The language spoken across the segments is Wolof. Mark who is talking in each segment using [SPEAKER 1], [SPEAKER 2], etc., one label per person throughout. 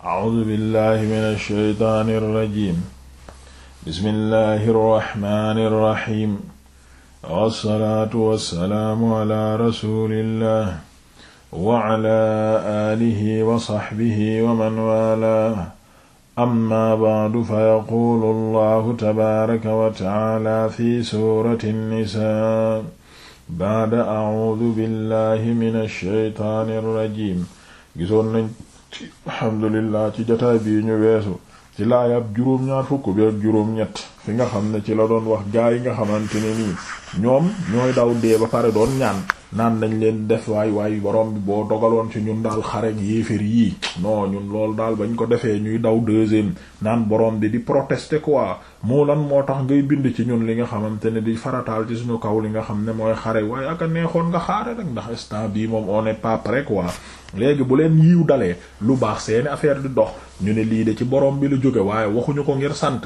[SPEAKER 1] A'uuzu billahi mina shaytaani rajiim. Bismillahi rahmaani rahiim. Wassalaatu wassalaamu ala rasuulillah wa ala aalihi wa sahbihi wa man waalaahu. Amma ba'du fayaquulu Allahu tabaaraka wa ta'aala fi suurati Nisaa. Ba'da a'uuzu billahi mina shaytaani rajiim. Gisoon nañ. alhamdulillah ci jotaay bii ñu weesu ci laayab juróom-ñaar fukk bi juróom-ñett fi nga xam ne ci la doon wax gaa yi nga xamante ne nii ñoom ñooy daw dee ba pare doon ñaan naan lañ leen def waay waay borom bi boo dogaloon ci ñun daal xare ak yéeféer yii non ñun lool daal bañ ko defee ñuy daw deuxième naan boroom bi di protester quoi moo lan moo tax ngay bind ci ñun li nga xamante ne di farataal ci suñu kaw li nga xam ne mooy xare waaye ak a neexoon nga xaare rek ndax instant bii moom on est pas prêt quoi léegi bu leen yiw dalee lu baax seeni affaire di dox ñu ne lii de ci borom bi lu jóge waaye waxuñu ko ngir sant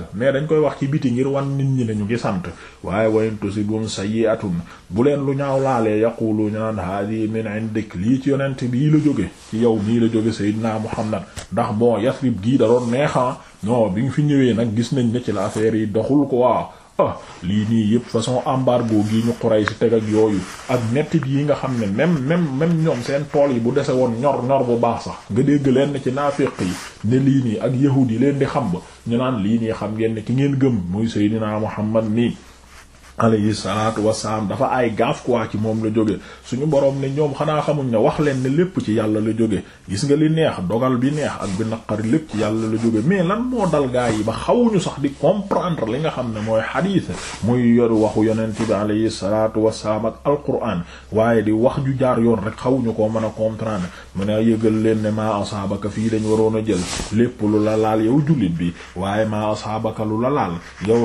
[SPEAKER 1] ngir wan nit ñi nañu ngi sant waaye si wayen tusibum atu bu leen lu ñaaw laalee yaqulu ñu naan haadi min indik lii ci yonent bii la jóge ci yow mii la jóge sayyidina Muhammad ndax bon Yasrib gii da doon neexa ah. non bi nga fi ñëwee nag gis nañ ne ci la affaire yi doxul quoi lii nii yëpp façon embargo gi ñu xuray si teg ak yooyu ak mettit yi nga xam ne même même même ñoom seen tool yi bu dese woon ñor ñor bu baax sax nga dégg leen ci naaféq yi ne lii nii ak yahud yi leen di xam ba ñu naan lii nii xam ngeen ne ki ngeen gëm muy Seydina Muhammad nii alayhi salaatu wasalaam dafa ay gaaf quoi ci moom la jóge suñu borom ne ñoom xanaa xamuñ ne wax leen ne lépp ci yàlla la jóge gis nga li neex dogal bi neex ak bi naqari lépp ci yàlla la jóge mais lan moo dal gaa yi ba xawuñu sax di comprendre li nga xam ne mooy xadiis muy yoru waxu yonent bi alayhi salaatu wasalaam ak alquran waaye di wax ñu jaar yoon rek xawuñu ko mën a comprendre mu ne yëgal leen ne maa asaabaka fii dañ waroon a jël lépp lu la laal yow jullit bi waaye maa asaabaka lu la laal yow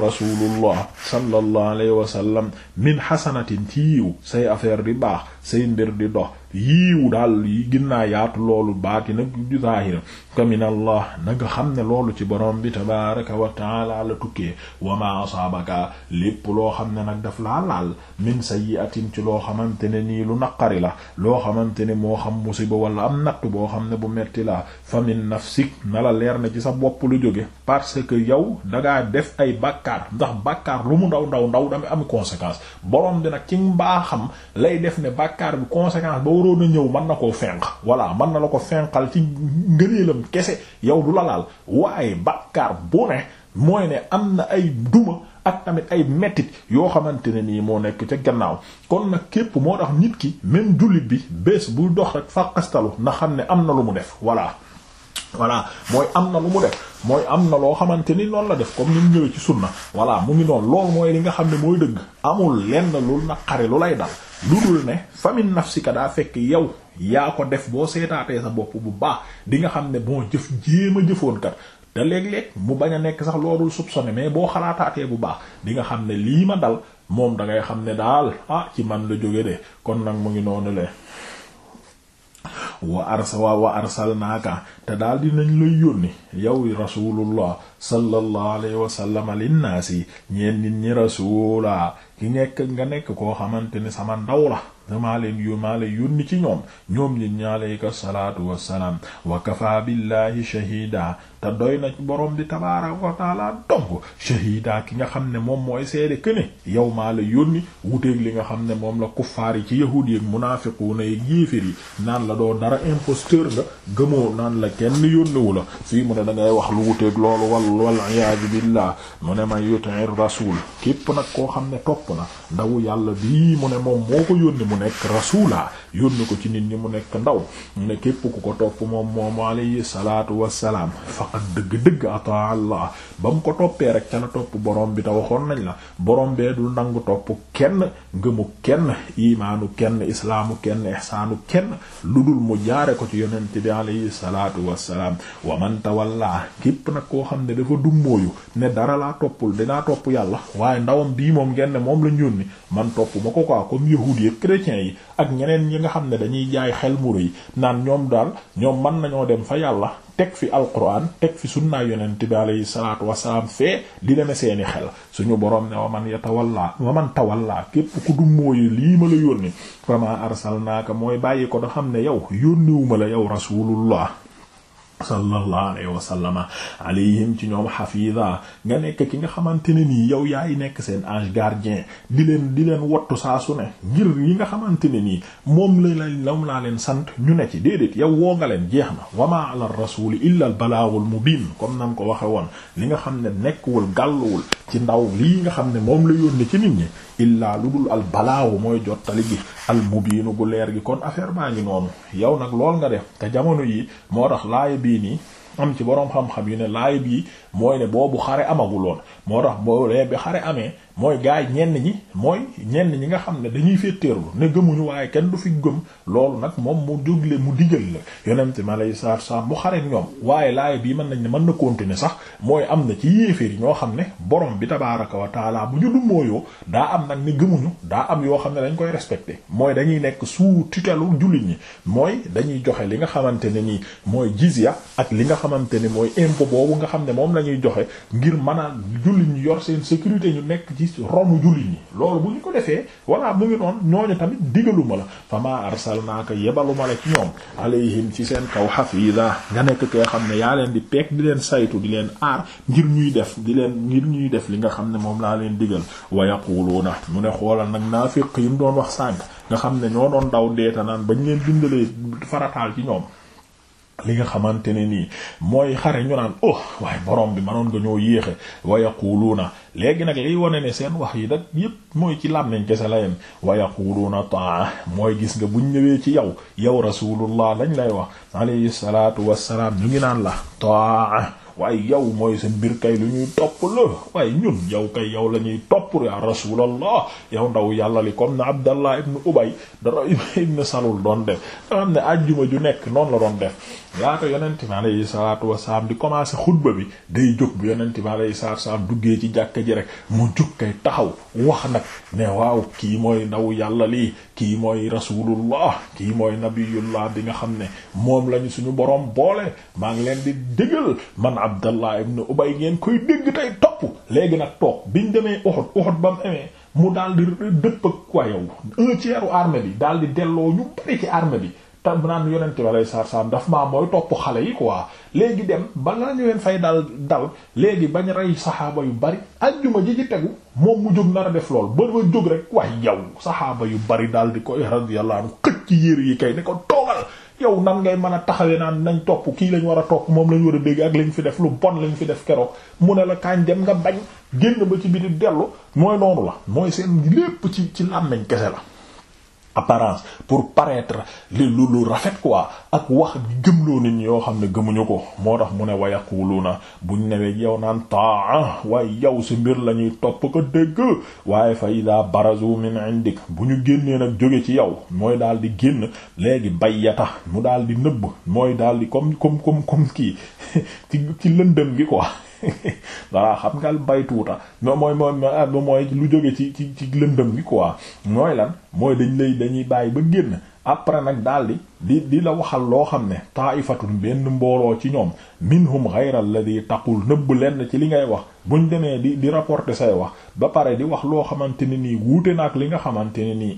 [SPEAKER 1] wasallam min xasanatin ci yiw say affaire di baax say mbir di dox yiiw daal yi gën naa yaatu loolu baati nag du zaahira kamin allah na nga xam ne loolu ci boroom bi tabaraka wa taala la tukkee wa ma asaabaka lépp loo xam ne nag daf laa laal yi sayyi'atin ci loo xamante ne nii lu naqari la loo xamante ne moo xam musiba wala am natt boo xam ne bu metti la fa min nafsik na la leer na ci sa bopp lu jóge parce que yow dangaa def ay bàkkaar ndax bàkkaar lu mu ndaw ndaw ndaw dama am conséquence borom bi nag ci mbaaxam waroon a ñëw man na koo fenq voilà mën na la ko fenqal ci ngëneelam kese yow du la laal waaye bàkkaar bu ne mooy ne am na ay duma ak tamit ay mettit yoo xamante ne nii moo nekk ca gannaaw kon nag képp moo tax nit ki même jullit bi bés buy dox rek fàqastalu na xam ne am na lu mu def voilà voilà mooy am na lu mu def mooy am na loo xamante ni noonu la def comme ni mu ñëwee ci sunna voilà mu ngi noonu loolu mooy li nga xam ne mooy dëgg amul lenn lu naqari lu lay dal lu dul ne famin nafsika daa fekk yow yaa ko def boo seetaatee sa bopp bu baax di nga xam ne bon jëf jéem a jëfoon kat da léeg mu bañ a nekk sax loolul soupçonné mais boo xalaataatee bu baax di nga xam ne lii ma dal moom da ngay xam ne daal ah ci man la jóge de kon nag mu ngi noonu le wa arsa wa arsalnaaka te daal dinañ lay yónni yow rasulullah sallallahu alayhi wa sallam linnaasi ñeen nit ñi rasuula ki nekk nga nekk koo xamante ne sama ndaw la damaa leen yu maa leen yónni ci ñoom ñoom nit ñi alayka salaatu wassalaam wa kafa billahi shahida te doy na borom di tabaaraka wa taala dong shahida ki nga xam ne moom mooy seede këne yow maa la yónni wuteeg li nga xam ne moom la kuffaar yi ci yahuud yi ak munaafiquuna yi yéefér yi naan la doo dara imposteur nga gëmoo naan la kenn yónniwu la fii mu da ngay wax lu wuteeg loolu wal iyaadu billah mu ne man yuti'ir rasul képp nag koo xam ne topp na ndaw yàlla bii mu ne moom moo ko yónni mu nekk rasula yónni ko ci nit ñi mu nekk ndaw mu ne képp ku ko topp moom moom alayhi salaatu wassalaam faqad dëgg-dëgg ataa allah ba mu ko toppee rek ca la topp borom bi te waxoon nañ la borom bee dul nangu topp kenn ngëmu kenn imaanu kenn islaamu kenn ihsaanu kenn lu dul mu jaare ko ci yonent bi alayhi salaatu wassalaam wa man tawalla dafa dummóoyu ne dara laa toppul dinaa topp yàlla waaye ndawam bii moom ngeen ne moom lañ yónni man topp ma ko quoi comme yahuud yi chrétiens yi ak ñeneen ñi nga xam ne dañuy jaay xel mu rëy naan ñoom daal ñoom mën nañoo dem fa yàlla teg fi alquran teg fi sunnaa yonent bi alayhi salaatu wasalaam fee di deme seeni xel suñu borom ne wa man yatawalla wa man tawalla képp ku dummóoyu lii ma la yónni fama ko mooy bàyyi ko da xam ne yow yónniwu ma la yow rasulullah sallallahu alayhi wa sallama alayhim ci ñoom xafiida nga nekk ki nga xamante ne nii yow yaay nekk seen ange gardien di leen di leen wottu saa su ne ngir yi nga xamante ne nii moom la lam naa leen sant ñu ne ci déedéet yow woo nga leen jeex na wama ala rasuli illa al balaagul mubiin comme nam ko waxe woon li nga xam ne nekk nekkwul gàlluwul ci ndaw lii nga xam ne moom la yónnee ci nit ñi illaa lu dul al balaawu mooy jottali gi al mubiinu gu leer gi kon affaire baa ngi noonu yow nag lool nga def te jamono yi moo tax laaya bii nii am ci boroom xam-xam yu ne laaya bii mooy ne boobu xare amaguloon moo tax boo lee bi xare amee mooy gars yi ñenn ñi mooy ñenn ñi nga xam ne dañuy féeteerlu ne gëmuñu waaye kenn du fi gëm loolu nag moom mu jógle mu digal la yonente mi alayhi salaatu salaam bu xaret ñoom waaye laay bii mën nañ ne mën na continuer sax mooy am na ci yéeféer yi ñoo xam ne borom bi tabaaraka wa taala bu ñu du daa am nag ne gëmuñu daa am yoo xam ne dañ koy respecté mooy dañuy nekk sous tutelle jullit ñi mooy dañuy joxe li nga xamante ne nii mooy ya ak li nga xamante ne mooy impôt boobu nga xam ne moom la ñuy joxe ngir mën a jullit ñu yor seen sécurité ñu nekk ci ronu jullit ñi loolu bu ñu ko defee voilà mu ngi noonu ñooñu tamit digaluma la fa maa arsalnaaka yebaluma la ci ñoom alayhim ci seen kaw hafiza nga nekk koo xam ne yaa leen di peek di leen saytu di leen aar ngir ñuy def di leen ngir ñuy def li nga xam ne moom laa leen digal wa yaquluuna mu ne xoolal nag naa naafiq yi mu doon wax sànk nga xam ne ñoo doon daw deeta naan bañ leen dindalee farataal ci ñoom li nga xamante ne nii mooy xare ñu naan oh waaye borom bi manoon nga ñoo yéexe wa yaquluuna léegi nag liy wone ne seen wax yi nag yépp mooy ci làmmiñ kese la yem wa yaquluuna taa mooy gis nga buñ ñëwee ci yow yow rasulullah lañ lay wax salaatu wa wasalaam ñu ngi naan la taa waaye yow mooy sa mbir kay lu ñuy topp la waaye ñun yow kay yow la ñuy topp ya rasulallah yow ndaw yàlla li comme na abdallah ibn ubay dara ibn salul doon def nga xam ne ajjuma ju nekk noonu la doon def laata yonent mi alayhi salaatu wasalaam di commencer xutba bi day jóg bu yonent mi alayhi salaatu wasalaam duggee ci jàkka ji rek mu jóg kay taxaw wax nag ne waaw kii mooy ndaw yàlla kii mooy rasulullah kii mooy nabiyullah bi nga xam ne moom lañu suñu boroom boole maa ngi leen di déggal man abdallah ibn ubay ngeen koy dégg tey topp léegi nag toog ñu demee Uhud Uhud ba mu amee mu daal di ko ak quoi yow un tiers armée bi daal di delloo ñu bari ci armée bi tam naan yonent bi alayhi salaatu salaam daf maa mooy topp xale yi quoi léegi dem ba balaa ñu leen fay dal dal léegi bañ rey saxaaba yu bari ajjuma ji ci tegu moom mu jóg nar a def lool ba ba jóg rek waaye yow saxaaba yu bari daal di ko eh, radiyallahu anhu xëcc ci yére yi kay ne ko toogal yow nan ngay mën a taxawee naan nañ topp kii lañ war a topp moom lañ war a dégg ak lañ fi def lu bon lañ fi def keroog mu ne la kaañ dem nga bañ génn ba ci biti dellu mooy noonu la mooy seen lépp ci ci làmmiñ kese la. apparence pour paraître li lu lu rafet quoi ak wax gëmloo nit ñi yoo xam ne gëmuñu ko moo tax mu ne wa yaquluuna buñ newee yow naan taa waaye yow si mbir la ñuy topp ko dégg waaye fa ida barazu min indik bu ñu génnee nag jóge ci yow mooy daal di génn léegi bayyata mu daal di nëbb mooy daal di comme comme comme comme kii ci ci lëndëm gi ko waa xam nga baytuuta no mooy moo mooy ah, mooy lu jóge ci ci ci lëndëm gi quoi mooy lan mooy dañ lay dañuy bàyyi ba génn après nag daldi di di la waxal loo xam ne taaifatun benn mbooloo ci ñoom minhum ghayra alladhi taqul nëbb lenn ci li ngay wax buñ demee di di rapporter say wax ba pare di wax loo xamante ne nii wuute na ak li nga xamante ne nii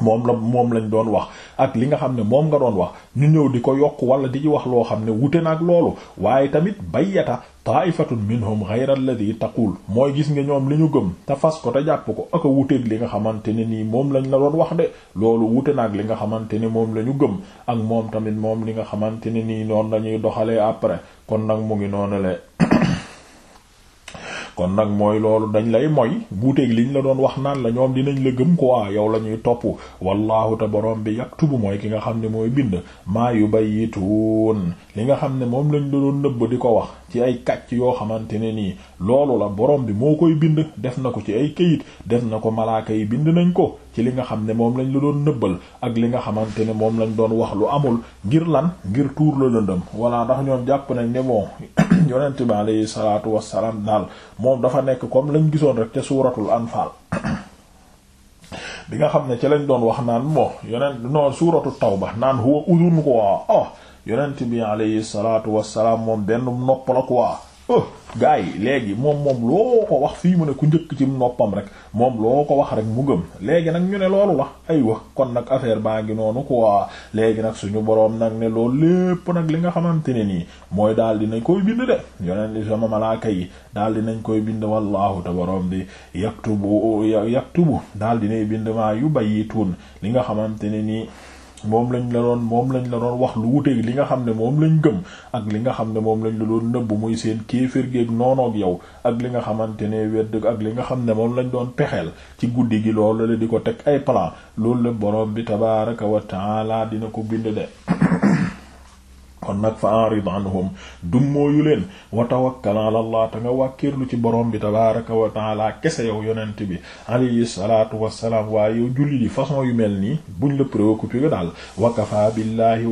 [SPEAKER 1] moom la moom lañ doon wax ak li nga xam ne moom nga doon wax ñu ñëw di ko yokk wala di ci wax loo xam ne wute na loolu waaye tamit bayyata taaifatun minhum ghayra alladhi taqul mooy gis nga ñoom li ñu gëm te fas ko te jàpp ko ak a wuteeg li nga xamante ne nii moom lañ la doon wax de loolu wute na li nga xamante ne moom la ñu gëm ak moom tamit moom li nga xamante ne nii noonu lañuy doxalee après kon nag mu ngi noonu le kon nag mooy loolu dañ lay moy li ñu la doon wax naan la ñoom dinañ la gëm quoi yow la ñuy topp wallahu te borom bi yaktubu mooy ki nga xam ne mooy bind maa yu bayyituun li nga xam ne moom lañ la doon nëbb di ko wax ci ay kàcc yoo xamante ne nii loolu la borom bi moo koy bind def na ko ci ay këyit def na ko malaaka yi bind nañ ko ci li nga xam ne moom lañ la doon nëbbal ak li nga xamante ne moom lañ doon wax lu amul ngir lan ngir tuur la lëndëm walla ndax ñoom jàpp nañ ne bon yonent bi alayhi salaatu wassalaam daal moom dafa nekk comme lañ gisoon rek ca suuratul anfaal bi nga xam ne ci lañ doon wax naan moo yonent non suuratu tawba naan huwa udun quoi oh yonent bi alayhi salaatu wassalaam moom benn nopp la quoi oh gaa yi léegi moom moom loo ko wax fii mu ne ku njëkk ci noppam rek moom loo ko wax rek mu gëm léegi nag ñu ne loolu la aywa kon nag affaire baa ngi noonu quoi léegi nag suñu boroom nag ne loolu lépp nag li nga xamante ne nii mooy daal dinañ koy bind de yoneen di sama malaaka yi daal dinañ koy bind wallahu te boroom bi yaktubu yaktubu daal dinay bind maa yu bayituun li nga xamante ne nii moom lañ la doon moom lañ la doon wax lu wuteeg li nga xam ne moom lañ gëm ak li nga xam ne moom lañ la doon nëbb muy seen kéefër géeg noonook yow ak li nga xamante ne wedd ak li nga xam ne moom lañ doon pexeel ci guddi gi loolu la di ko teg ay plan loolu la boroom bi tabaaraka wa laa dina ko bind de kon nag fa arid anhum dummóoyu leen wa tawakkal ala allah te nga wàkkiirlu ci borom bi tabaraka wa taala kese yow yonent bi alayhi salatu wassalaam waaye yow julli di façon yu mel nii buñ la préoccupé daal wa kafa billahi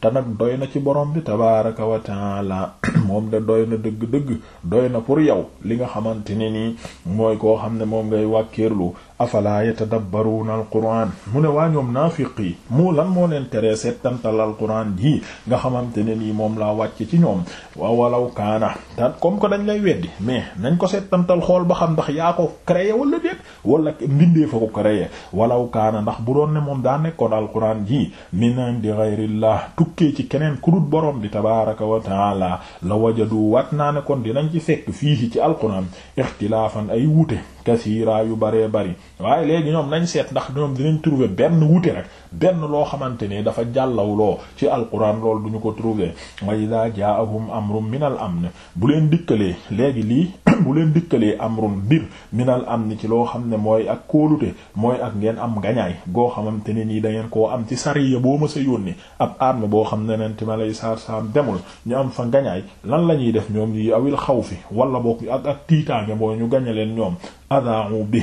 [SPEAKER 1] te nag doy na ci borom bi tabaraka wa taala moom de doy na dëgg-dëgg doy na pour yow li nga xamante ne nii mooy koo xam ne moom ngay wàkkiirlu afala yatadabbaruuna alquran mu ne waa ñoom naafiq yi mu lan moo leen teree settantal alquran ji nga xamante ne nii moom laa wàcc ci ñoom walaw kaana ta comme que dañ lay weddi mais nañ ko setantal xool ba xam ndax yaa ko créé wala déet wala mbindee fa ko créé walaw kaana ndax bu doon ne moom daa nekkoon alquran ji min indi ghayrillah tukkee ci keneen ku dul borom bi tabaaraka wa taala la wajadu wat naa ne kon dinañ ci fekk fii ci alquran ixtilaafan ay wuute kasiira yu baree bari waaye léegi ñoom nañ seet ndax ñoom dinañ trouver benn wuute rek benn loo xamante ne dafa jàllawloo ci alquran lool duñu ko trouver wa idaa jaahum amrun minal am na bu leen dikkalee léegi lii bu leen dikkalee am amrun bir minal am ni ci loo xam ne mooy ak kóolute mooy ak ngeen am gañaay goo xamante ne nii da ngeen koo am ci sariya boo ma sa yónni ab arme boo xam ne neen ma lay saar saam demul ñu am fa gañaay lan la ñuy def ñoom yi awil xaw fi wala bokk ak ak tiitaange boo ñu leen ñoom adau bi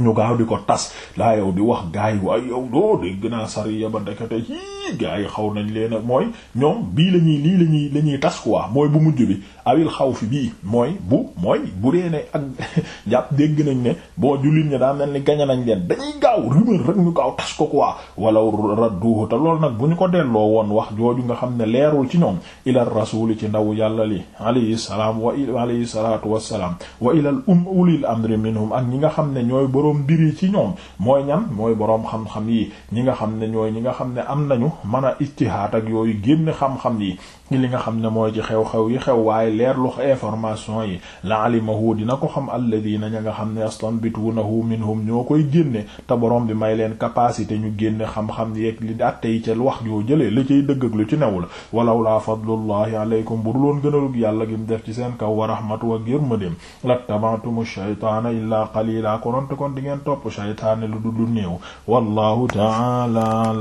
[SPEAKER 1] ñu gaaw di ko tas daa yow di wax gaa yi waaye yow doo dégg naa sariya ba ndekete hii gaa yi xaw nañ leen mooy ñoom bii la ñuy lii la ñuy la ñuy tas quoi mooy bu mujj bi awil xaw fi bii mooy bu mooy bu dee ne ak jàpp dégg nañ ne boo jullit ña daa mel ni gaña nañ leen dañuy gaaw rumeur rek ñu gaaw tas ko quoi wala radduhu te loolu nag bu ñu ko delloo woon wax jooju nga xam ne leerul ci ñoom ilal rasuli ci ndaw yàlla li alayhi salaam wa alayhi ilal um ulil amri boroom mbir yi ci mooy boroom xam-xam yi ñi nga xam ne ñooy ñi nga xam ne am nañu mën a ijtihaad ak yooyu génn xam-xam yi li nga xam ne mooy ci xew-xew yi xew waaye leerlu information yi la alimahu dina ko xam alladina ña nga xam ne astanbituunahu minhum ñoo koy génne te boroom bi may leen capacité ñu génne xam-xam yeeg li atte yi ca wax yoo jëlee li ciy dëgg lu ci newul walaw laa fadlullahi alaykum bu duloon gënalug yàlla gim def ci seen kaw wa rahmatu wa yërmandeem la tabantumu shaytaana illaa qalila di ngeen topp shaytaane lu du du néew wallahu ta'ala